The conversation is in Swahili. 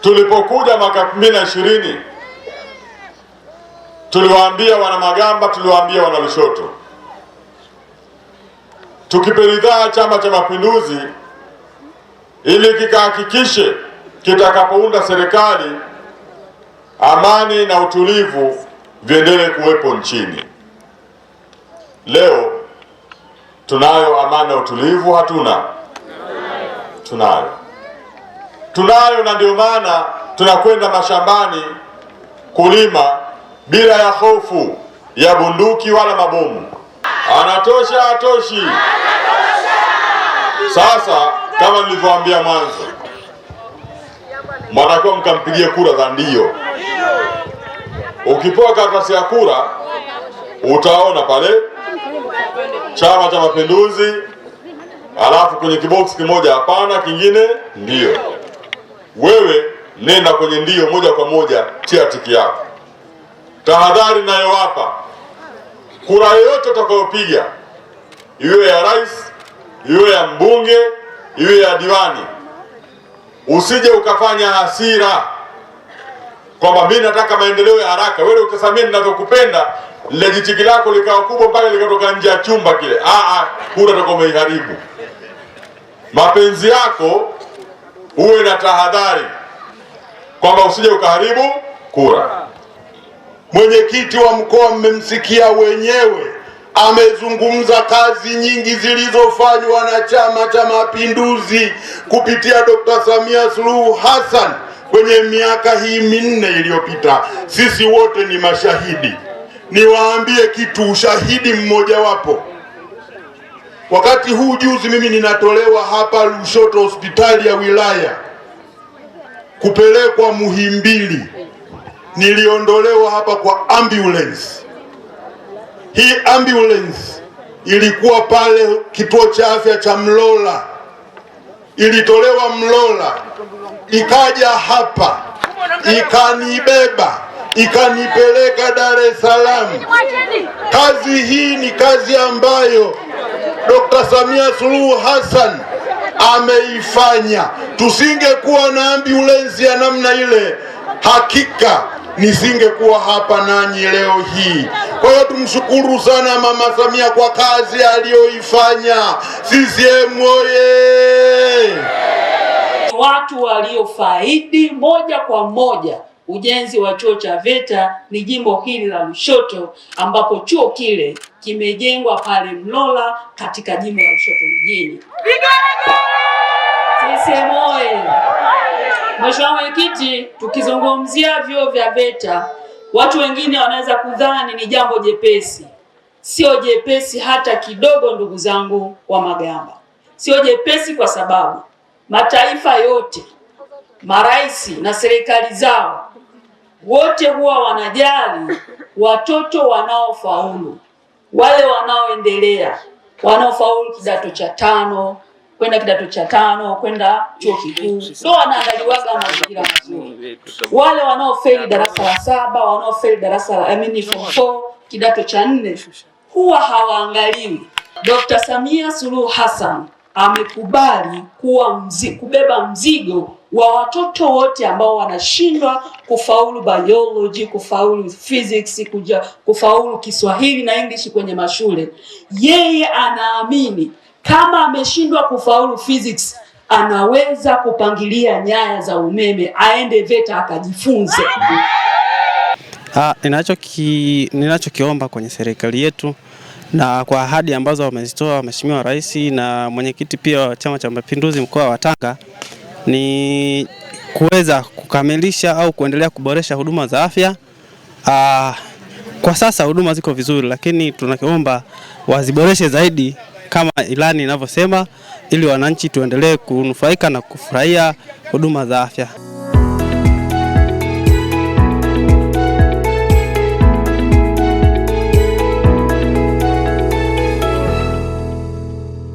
Tulipokuja mwaka elfu na ishirini tuliwaambia wana Magamba, tuliwaambia wana Lushoto, tukipelidhaa Chama cha Mapinduzi ili kikahakikishe kitakapounda serikali amani na utulivu viendelee kuwepo nchini. Leo tunayo amani na utulivu? Hatuna? Tunayo tunayo, na ndio maana tunakwenda mashambani kulima bila ya hofu ya bunduki wala mabomu. Anatosha atoshi. Sasa kama nilivyoambia mwanzo, mwanakiwa mkampigie kura za ndio. Ukipewa karatasi ya kura, utaona pale Chama cha Mapinduzi, alafu kwenye kiboksi kimoja hapana, kingine ndio wewe nenda kwenye ndio moja kwa moja, tia tiki yako. Tahadhari nayowapa, kura yoyote utakayopiga iwe ya rais, iwe ya mbunge, iwe ya diwani, usije ukafanya hasira kwamba mimi nataka maendeleo ya haraka, wewe utasamia ninavyokupenda lile lako likawa kubwa mpaka likatoka nje ya chumba kile. Ah, ah kura utakuwa umeiharibu mapenzi yako uwe na tahadhari kwamba usije ukaharibu kura. Mwenyekiti wa mkoa mmemsikia wenyewe, amezungumza kazi nyingi zilizofanywa na Chama cha Mapinduzi kupitia Dkt. Samia Suluhu Hassan kwenye miaka hii minne iliyopita. Sisi wote ni mashahidi. Niwaambie kitu, ushahidi mmojawapo Wakati huu juzi mimi ninatolewa hapa Lushoto hospitali ya wilaya kupelekwa Muhimbili, niliondolewa hapa kwa ambulance. Hii ambulance ilikuwa pale kituo cha afya cha Mlola, ilitolewa Mlola ikaja hapa ikanibeba ikanipeleka Dar es Salaam. Kazi hii ni kazi ambayo Dr. Samia Suluhu Hassan ameifanya. Tusingekuwa na ambulensi ya namna ile, hakika nisingekuwa hapa nanyi leo hii. Kwa hiyo tumshukuru sana Mama Samia kwa kazi aliyoifanya. CCM oye! Watu waliofaidi moja kwa moja ujenzi wa chuo cha VETA ni jimbo hili la Lushoto, ambapo chuo kile kimejengwa pale Mlola katika jimbo la Lushoto mjini. CCM Mheshimiwa Mwenyekiti, tukizungumzia vyuo vya VETA watu wengine wanaweza kudhani ni jambo jepesi. Sio jepesi hata kidogo, ndugu zangu wa Magamba, sio jepesi kwa sababu mataifa yote marais na serikali zao wote huwa wanajali watoto wanaofaulu, wale wanaoendelea, wanaofaulu kidato cha tano kwenda kidato cha tano kwenda chuo kikuu, ndio wanaangaliwaga mazingira mazuri. Wale wanaofeli darasa la saba, wanaofeli darasa la amini form four, kidato cha nne, huwa hawaangaliwi. Dr. Samia Suluhu Hassan amekubali kuwa mzi, kubeba mzigo wa watoto wote ambao wanashindwa kufaulu biology, kufaulu physics, kuja, kufaulu Kiswahili na English kwenye mashule. Yeye anaamini kama ameshindwa kufaulu physics anaweza kupangilia nyaya za umeme aende VETA akajifunze. Ninachokiomba ninacho kwenye serikali yetu na kwa ahadi ambazo wamezitoa Mheshimiwa Rais na mwenyekiti pia wa Chama cha Mapinduzi mkoa wa Tanga ni kuweza kukamilisha au kuendelea kuboresha huduma za afya. Aa, ah, kwa sasa huduma ziko vizuri, lakini tunakiomba waziboreshe zaidi kama ilani inavyosema, ili wananchi tuendelee kunufaika na kufurahia huduma za afya.